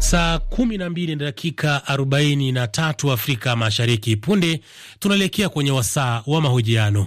Saa kumi na mbili na dakika arobaini na tatu Afrika Mashariki. Punde tunaelekea kwenye wasaa wa mahojiano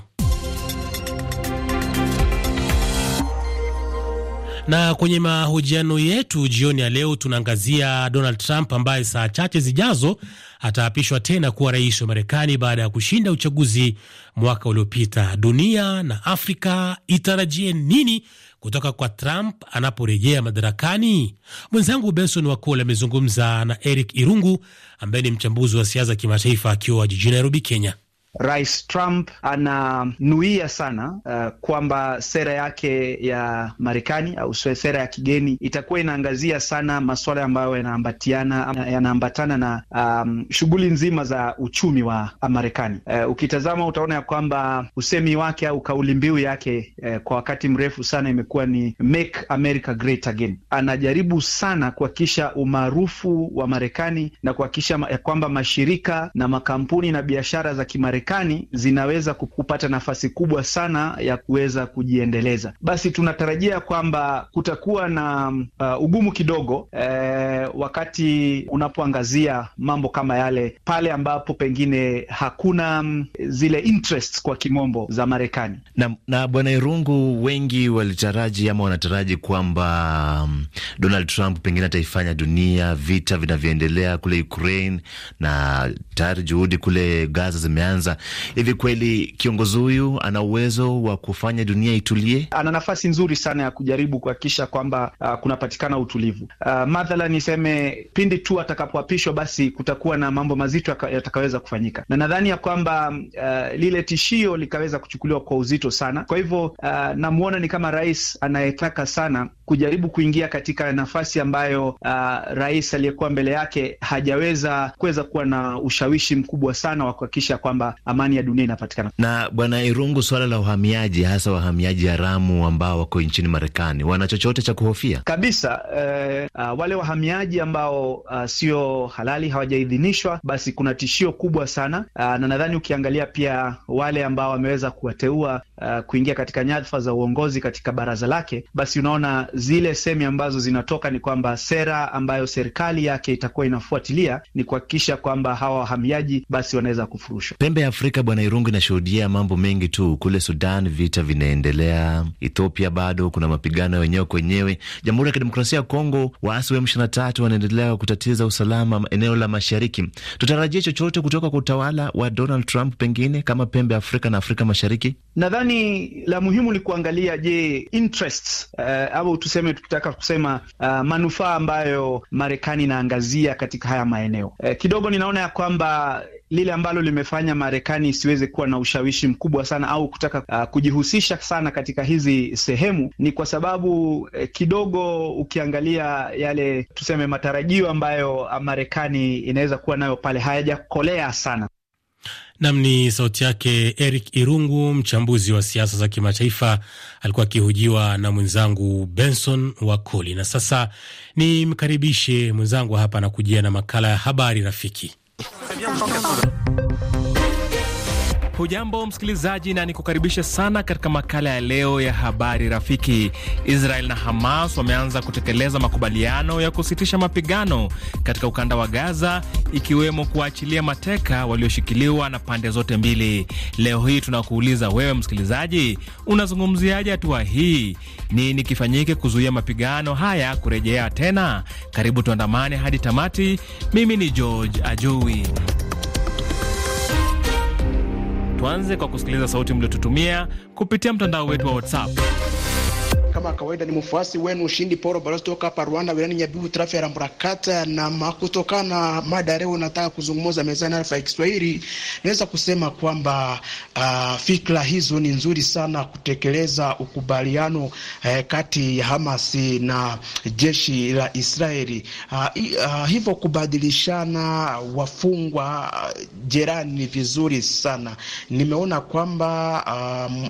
na kwenye mahojiano yetu jioni ya leo tunaangazia Donald Trump ambaye saa chache zijazo ataapishwa tena kuwa rais wa Marekani baada ya kushinda uchaguzi mwaka uliopita. Dunia na Afrika itarajie nini kutoka kwa Trump anaporejea madarakani? Mwenzangu Benson Wakul amezungumza na Eric Irungu ambaye ni mchambuzi wa siasa kimataifa akiwa jijini Nairobi, Kenya. Rais Trump ananuia sana uh, kwamba sera yake ya Marekani au sera ya kigeni itakuwa inaangazia sana masuala ambayo yanaambatiana yanaambatana na um, shughuli nzima za uchumi wa Marekani. Uh, ukitazama utaona ya kwamba usemi wake au kauli mbiu yake uh, kwa wakati mrefu sana imekuwa ni Make America Great Again. Anajaribu sana kuhakikisha umaarufu wa Marekani na kuhakikisha ya kwamba mashirika na makampuni na biashara za Kimarekani Marekani zinaweza kupata nafasi kubwa sana ya kuweza kujiendeleza. Basi tunatarajia kwamba kutakuwa na uh, ugumu kidogo eh, wakati unapoangazia mambo kama yale pale ambapo pengine hakuna mm, zile interests kwa kimombo za Marekani. Na, na Bwana Irungu, wengi walitaraji ama wanataraji kwamba um, Donald Trump pengine ataifanya dunia vita vinavyoendelea kule Ukraine na tayari juhudi kule Gaza zimeanza kwanza. hivi. Kweli kiongozi huyu ana uwezo wa kufanya dunia itulie? Ana nafasi nzuri sana ya kujaribu kuhakikisha kwamba uh, kunapatikana utulivu uh, ah, madhala niseme, pindi tu atakapoapishwa, basi kutakuwa na mambo mazito yatakaweza kufanyika, na nadhani ya kwamba uh, lile tishio likaweza kuchukuliwa kwa uzito sana. Kwa hivyo uh, namwona ni kama rais anayetaka sana kujaribu kuingia katika nafasi ambayo uh, rais aliyekuwa mbele yake hajaweza kuweza kuwa na ushawishi mkubwa sana wa kuhakikisha kwamba amani ya dunia inapatikana. Na Bwana Irungu, swala la uhamiaji, hasa wahamiaji haramu ambao wako nchini Marekani, wana chochote cha kuhofia kabisa? Eh, uh, wale wahamiaji ambao uh, sio halali, hawajaidhinishwa, basi kuna tishio kubwa sana uh, na nadhani ukiangalia pia wale ambao wameweza kuwateua uh, kuingia katika nyadhifa za uongozi katika baraza lake, basi unaona zile semi ambazo zinatoka ni kwamba sera ambayo serikali yake itakuwa inafuatilia ni kuhakikisha kwamba hawa wahamiaji basi wanaweza kufurushwa pembe ya Afrika bwana Irungu inashuhudia mambo mengi tu. Kule Sudan vita vinaendelea, Ethiopia bado kuna mapigano wenyewe kwenyewe, Jamhuri ya Kidemokrasia ya Kongo waasi wa M23 wanaendelea kutatiza usalama eneo la mashariki. Tutarajie chochote kutoka kwa utawala wa Donald Trump pengine kama pembe Afrika na Afrika Mashariki? Nadhani la muhimu ni kuangalia, je, interest uh, eh, au tuseme tukitaka kusema uh, manufaa ambayo Marekani inaangazia katika haya maeneo uh, kidogo ninaona ya kwamba lile ambalo limefanya Marekani isiweze kuwa na ushawishi mkubwa sana au kutaka uh, kujihusisha sana katika hizi sehemu ni kwa sababu eh, kidogo ukiangalia yale tuseme matarajio ambayo uh, Marekani inaweza kuwa nayo pale hayajakolea sana. Nam ni sauti yake Eric Irungu, mchambuzi wa siasa za kimataifa, alikuwa akihojiwa na mwenzangu Benson Wakoli. Na sasa nimkaribishe mwenzangu hapa anakujia na makala ya habari rafiki. Très bien, on chante un Hujambo msikilizaji, na nikukaribisha sana katika makala ya leo ya habari rafiki. Israel na Hamas wameanza kutekeleza makubaliano ya kusitisha mapigano katika ukanda wa Gaza, ikiwemo kuachilia mateka walioshikiliwa na pande zote mbili. Leo hii tunakuuliza wewe msikilizaji, unazungumziaje hatua hii? Nini kifanyike kuzuia mapigano haya kurejea tena? Karibu tuandamane hadi tamati. Mimi ni George Ajui tuanze kwa kusikiliza sauti mliotutumia kupitia mtandao wetu wa WhatsApp. Kama kawaida ni mfuasi wenu Ushindi Poro Balozi toka hapa Rwanda, wilayani Nyabihu, tarafa ya Ramburakata. Na kutokana na mada leo nataka kuzungumza mezani Arifa ya Kiswahili, naweza kusema kwamba uh, fikra hizo ni nzuri sana kutekeleza ukubaliano uh, kati ya Hamasi na jeshi la Israeli uh, uh, hivyo kubadilishana wafungwa jirani ni vizuri sana. Nimeona kwamba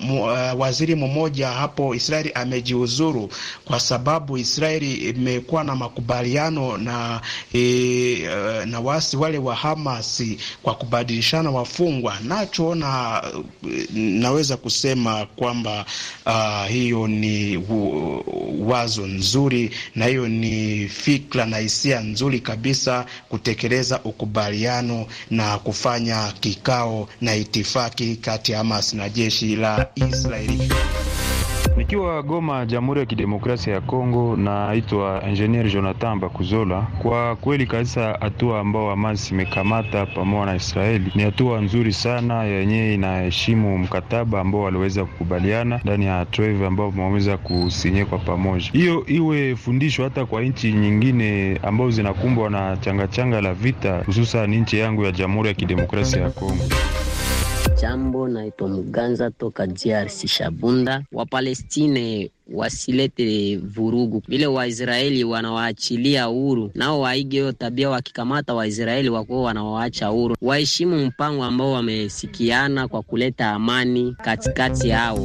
uh, uh, waziri mmoja hapo Israeli ameji kujiuzuru, kwa sababu Israeli imekuwa na makubaliano na, e, e na wasi wale wa Hamasi kwa kubadilishana wafungwa. Nacho na, e, naweza kusema kwamba uh, hiyo ni wazo nzuri na hiyo ni fikra na hisia nzuri kabisa kutekeleza ukubaliano na kufanya kikao na itifaki kati ya Hamas na jeshi la Israeli. Nikiwa Goma, Jamhuri ya Kidemokrasia ya Kongo, naitwa Engineer Jonathan Bakuzola. Kwa kweli kabisa, hatua ambao Hamas imekamata pamoja na Israeli ni hatua nzuri sana yenyewe inaheshimu mkataba ambao waliweza kukubaliana ndani ya Treve ambao wameweza kusinye kwa pamoja. Hiyo iwe fundisho hata kwa nchi nyingine ambao zinakumbwa na changachanga la vita, hususan nchi yangu ya Jamhuri ya Kidemokrasia ya Kongo. Jambo, naitwa Muganza toka DRC Shabunda. Wapalestine wasilete vurugu, vile Waisraeli wanawaachilia huru, nao waige hiyo tabia. Wakikamata Waisraeli wakuwa wanawaacha huru, waheshimu mpango ambao wamesikiana kwa kuleta amani katikati yao.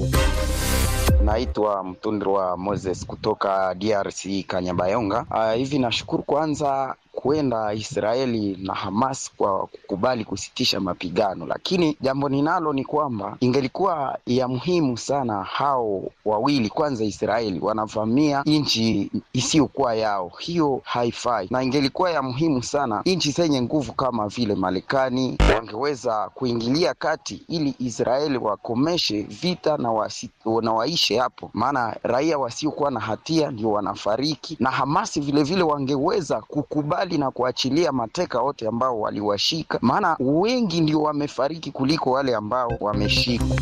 Naitwa Mtundri wa Moses kutoka DRC Kanyabayonga. Uh, hivi nashukuru kwanza kwenda Israeli na Hamas kwa kukubali kusitisha mapigano, lakini jambo ninalo ni kwamba ingelikuwa ya muhimu sana hao wawili kwanza, Israeli wanavamia nchi isiyokuwa yao, hiyo haifai, na ingelikuwa ya muhimu sana nchi zenye nguvu kama vile Marekani wangeweza kuingilia kati ili Israeli wakomeshe vita na, wasi, na waishe hapo, maana raia wasiokuwa na hatia ndio wanafariki, na Hamasi vilevile vile wangeweza kukubali mbali na kuachilia mateka wote ambao waliwashika, maana wengi ndio wamefariki kuliko wale ambao wameshikwa.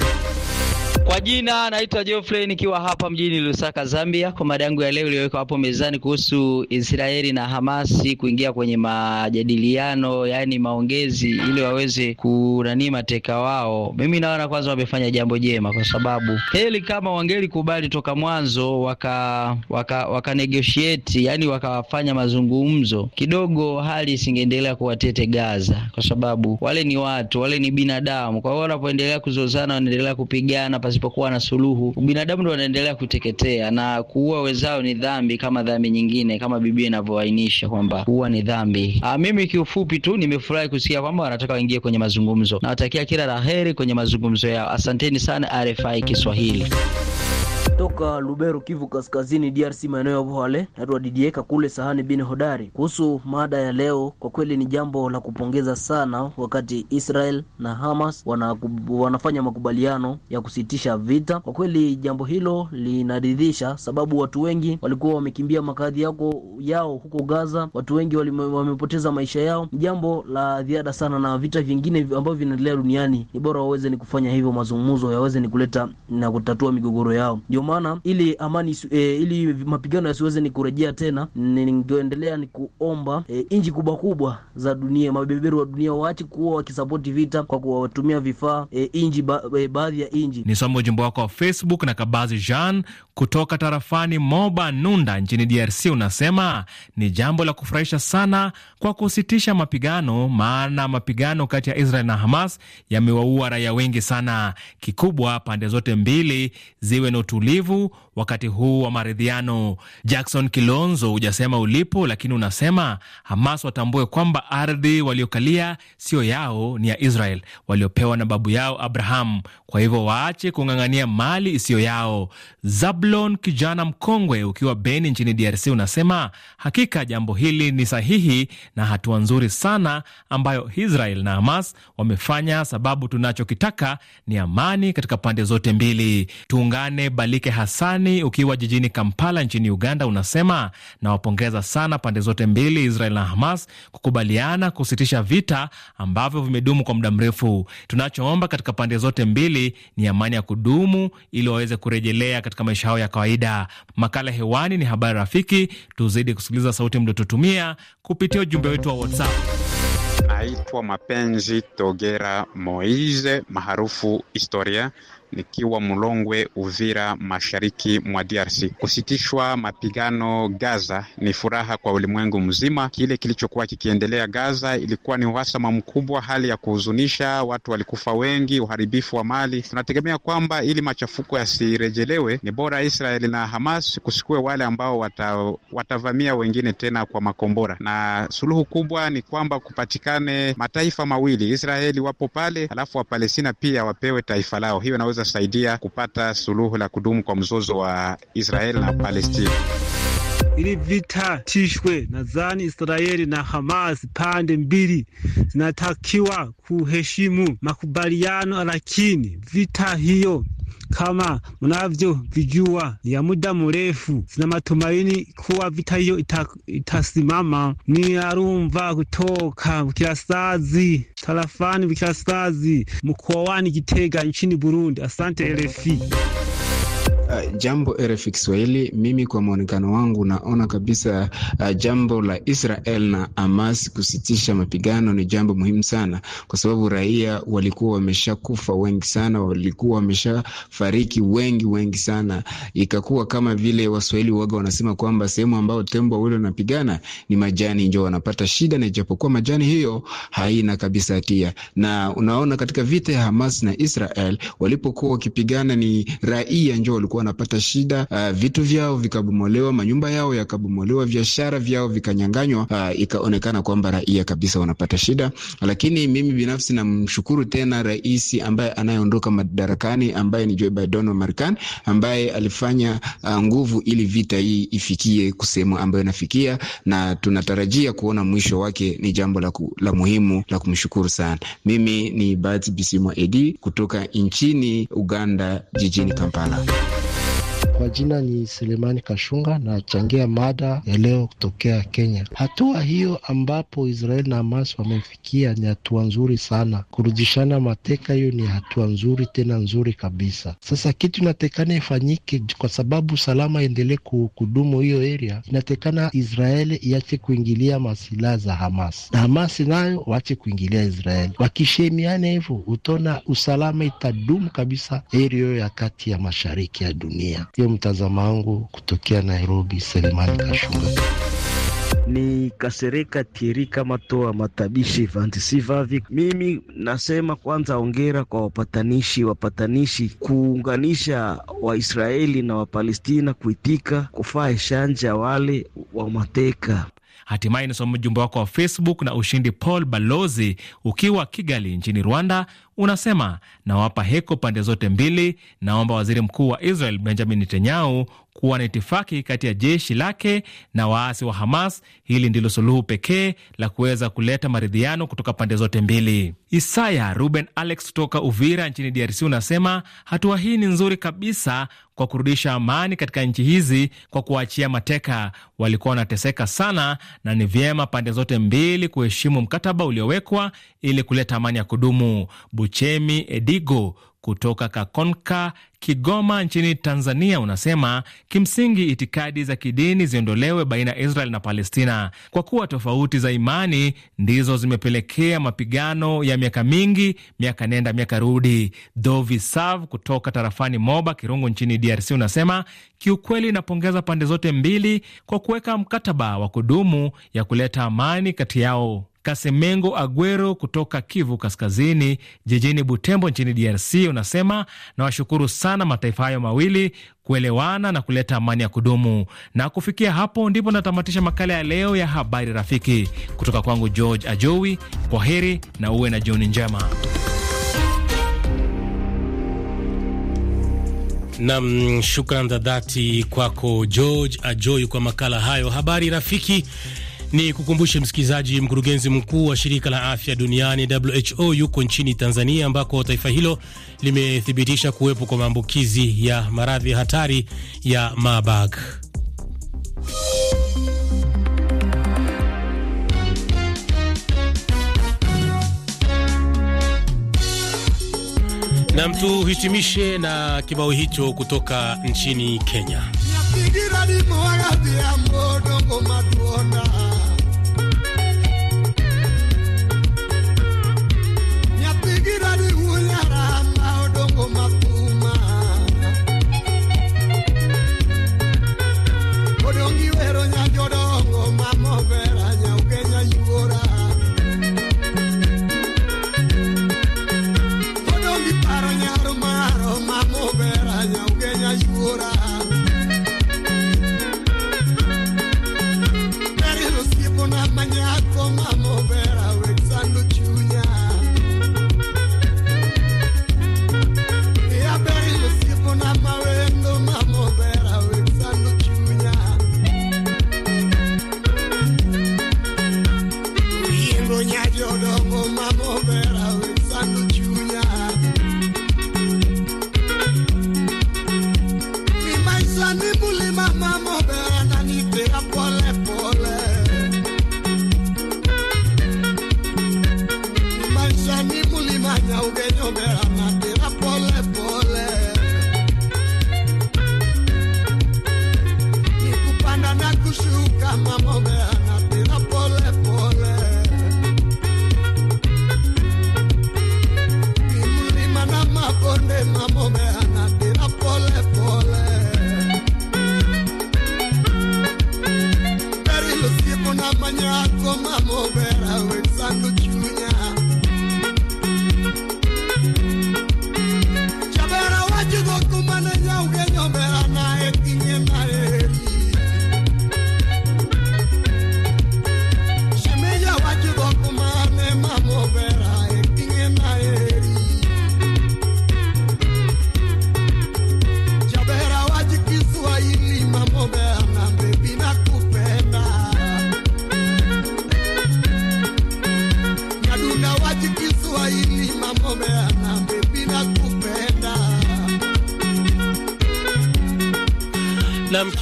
Kwa jina naitwa Geoffrey nikiwa hapa mjini Lusaka, Zambia, kwa mada yangu ya leo iliyowekwa hapo mezani kuhusu Israeli na Hamasi kuingia kwenye majadiliano, yaani maongezi, ili waweze kunanii mateka wao. Mimi naona kwanza wamefanya jambo jema, kwa sababu heli kama wangelikubali toka mwanzo waka, waka, waka yani wakafanya mazungumzo kidogo, hali isingeendelea kuwa tete Gaza, kwa sababu wale ni watu, wale ni binadamu. Kwa hiyo wanapoendelea kuzozana, wanaendelea kupigana pasi pasipokuwa na suluhu, binadamu ndo wanaendelea kuteketea, na kuua wezao ni dhambi kama dhambi nyingine, kama Biblia inavyoainisha kwamba kuua ni dhambi. Aa, ah, mimi kiufupi tu nimefurahi kusikia kwamba wanataka waingie kwenye mazungumzo. Nawatakia kila la heri kwenye mazungumzo yao. Asanteni sana RFI Kiswahili toka Lubero, Kivu Kaskazini, DRC, maeneo ya Buhale. Naitwa Didieka kule sahani bin hodari. Kuhusu mada ya leo, kwa kweli ni jambo la kupongeza sana wakati Israel na Hamas wana, wanafanya makubaliano ya kusitisha vita. Kwa kweli jambo hilo linaridhisha, sababu watu wengi walikuwa wamekimbia makazi yako yao huko Gaza, watu wengi wamepoteza maisha yao. Ni jambo la ziada sana, na vita vingine ambavyo vinaendelea duniani ni bora waweze ni kufanya hivyo mazungumzo, yaweze ni kuleta na kutatua migogoro yao ndio maana ili amani e, ili mapigano yasiweze ni kurejea tena, ningoendelea ni kuomba e, nchi kubwa kubwa za dunia, mabeberu wa dunia waache kuwa wakisapoti vita kwa kuwatumia vifaa e, nchi ba, e, baadhi ya nchi. Nisome ujumbe wako wa Facebook na Kabazi Jean kutoka tarafani Moba Nunda nchini DRC unasema ni jambo la kufurahisha sana kwa kusitisha mapigano, maana mapigano kati ya Israel na Hamas yamewaua raia wengi sana. Kikubwa pande zote mbili ziwe na utulivu wakati huu wa maridhiano. Jackson Kilonzo, hujasema ulipo, lakini unasema Hamas watambue kwamba ardhi waliokalia sio yao, ni ya Israel waliopewa na babu yao Abraham. Kwa hivyo waache kung'ang'ania mali isiyo yao. Zablon, kijana mkongwe, ukiwa Beni nchini DRC, unasema hakika jambo hili ni sahihi na hatua nzuri sana ambayo Israel na Hamas wamefanya, sababu tunachokitaka ni amani katika pande zote mbili. Tuungane Balike Hasani Marekani ukiwa jijini Kampala nchini Uganda unasema nawapongeza sana pande zote mbili, Israel na Hamas, kukubaliana kusitisha vita ambavyo vimedumu kwa muda mrefu. Tunachoomba katika pande zote mbili ni amani ya kudumu ili waweze kurejelea katika maisha yao ya kawaida. Makala hewani ni habari rafiki, tuzidi kusikiliza sauti mliotutumia kupitia ujumbe wetu wa WhatsApp. Naitwa Mapenzi Togera Moise maarufu Historia nikiwa mlongwe Uvira, mashariki mwa DRC. Kusitishwa mapigano Gaza ni furaha kwa ulimwengu mzima. Kile kilichokuwa kikiendelea Gaza ilikuwa ni uhasama mkubwa, hali ya kuhuzunisha. Watu walikufa wengi, uharibifu wa mali. Tunategemea kwamba ili machafuko yasirejelewe, ni bora Israeli na Hamas kusikue wale ambao wata, watavamia wengine tena kwa makombora, na suluhu kubwa ni kwamba kupatikane mataifa mawili, Israeli wapo pale, alafu Wapalestina pia wapewe taifa lao. Hiyo inaweza kutasaidia kupata suluhu la kudumu kwa mzozo wa Israel na Palestina. Ili vita tishwe, nadhani Israeli na Hamas pande mbili zinatakiwa kuheshimu makubaliano, lakini vita hiyo kama mnavyovijua ya muda mrefu. Sina matumaini kuwa vita hiyo ita, itasimama. Ni arumva kutoka Bukirasazi tarafani Bukirasazi mkoani Gitega nchini Burundi. Asante RFI. Uh, jambo RFI Kiswahili, mimi kwa mwonekano wangu naona kabisa uh, jambo la Israel na Hamas kusitisha mapigano ni jambo muhimu sana, kwa sababu raia walikuwa wameshakufa wengi sana, walikuwa wameshafariki wengi wengi sana. Ikakuwa kama vile Waswahili waga wanasema kwamba sehemu ambayo tembo wale wanapigana ni majani njo wanapata shida, na ijapokuwa majani hiyo haina kabisa hatia. Na unaona katika vita ya Hamas na Israel walipokuwa wakipigana ni raia njo walikuwa walikuwa wanapata shida uh, vitu vyao vikabomolewa, manyumba yao yakabomolewa, biashara vyao vikanyanganywa. Uh, ikaonekana kwamba raia kabisa wanapata shida, lakini mimi binafsi namshukuru tena rais ambaye anayeondoka madarakani ambaye ni Joe Biden wa Marekani ambaye alifanya uh, nguvu ili vita hii ifikie kusema ambayo inafikia, na tunatarajia kuona mwisho wake. Ni jambo la, ku, la muhimu la kumshukuru sana. Mimi ni Bart Bisimwa Edi kutoka nchini Uganda jijini Kampala. Kwa jina ni Selemani Kashunga na changia mada ya leo kutokea Kenya. Hatua hiyo ambapo Israeli na Hamas wamefikia ni hatua nzuri sana. Kurudishana mateka, hiyo ni hatua nzuri tena nzuri kabisa. Sasa kitu inatekana ifanyike kwa sababu salama iendelee kudumu hiyo area, inatekana Israeli iache kuingilia masilaha za Hamas na Hamas nayo waache kuingilia Israeli. Wakishemiana hivyo, utaona usalama itadumu kabisa area hiyo ya kati ya mashariki ya dunia. Ndio mtazamo wangu kutokea Nairobi. Selemani Kashunga ni Kasereka Tieri kama toa matabishi vantisi vavi. Mimi nasema kwanza, ongera kwa wapatanishi, wapatanishi kuunganisha Waisraeli na Wapalestina, kuitika kufaa eshanja wale wa mateka. Hatimaye nasoma ujumbe wako wa Facebook na Ushindi Paul Balozi ukiwa Kigali nchini Rwanda unasema nawapa heko pande zote mbili. Naomba waziri mkuu wa Israel Benjamin Netanyahu kuwa na itifaki kati ya jeshi lake na waasi wa Hamas. Hili ndilo suluhu pekee la kuweza kuleta maridhiano kutoka pande zote mbili. Isaya Ruben Alex kutoka Uvira nchini DRC unasema hatua hii ni nzuri kabisa kwa kurudisha amani katika nchi hizi kwa kuachia mateka. Walikuwa wanateseka sana, na ni vyema pande zote mbili kuheshimu mkataba uliowekwa ili kuleta amani ya kudumu. Uchemi Edigo kutoka Kakonka, Kigoma nchini Tanzania unasema kimsingi itikadi za kidini ziondolewe baina ya Israel na Palestina kwa kuwa tofauti za imani ndizo zimepelekea mapigano ya miaka mingi, miaka nenda miaka rudi. Dovisav kutoka tarafani Moba Kirungu nchini DRC unasema kiukweli, inapongeza pande zote mbili kwa kuweka mkataba wa kudumu ya kuleta amani kati yao. Kasemengo Agwero kutoka Kivu Kaskazini, jijini Butembo nchini DRC, unasema nawashukuru sana mataifa hayo mawili kuelewana na kuleta amani ya kudumu. Na kufikia hapo ndipo natamatisha makala ya leo ya Habari Rafiki kutoka kwangu George Ajowi. Kwa heri na uwe na jioni njema. Nam, shukran za dhati kwako George Ajoi kwa makala hayo Habari Rafiki. Ni kukumbushe msikilizaji, mkurugenzi mkuu wa shirika la afya duniani WHO yuko nchini Tanzania, ambako taifa hilo limethibitisha kuwepo kwa maambukizi ya maradhi hatari ya Marburg. Na hitimishe na kibao hicho kutoka nchini Kenya. I'm a mother.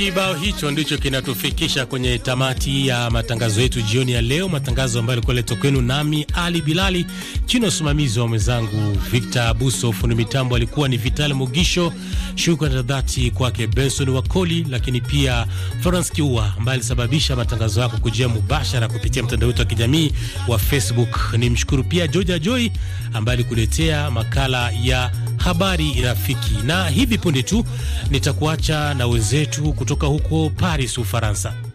Kibao hicho ndicho kinatufikisha kwenye tamati ya matangazo yetu jioni ya leo, matangazo ambayo alikuwa letwa kwenu nami Ali Bilali chini ya usimamizi wa mwenzangu Victor Abuso. Fundi mitambo alikuwa ni Vital Mugisho. Shukrani za dhati kwake Benson Wakoli, lakini pia Florence Kiua ambaye alisababisha matangazo yako kujia mubashara kupitia mtandao wetu wa kijamii wa Facebook. Ni mshukuru pia Georgia Joy ambaye alikuletea makala ya habari rafiki, na hivi punde tu nitakuacha na wenzetu kutoka huko Paris, Ufaransa.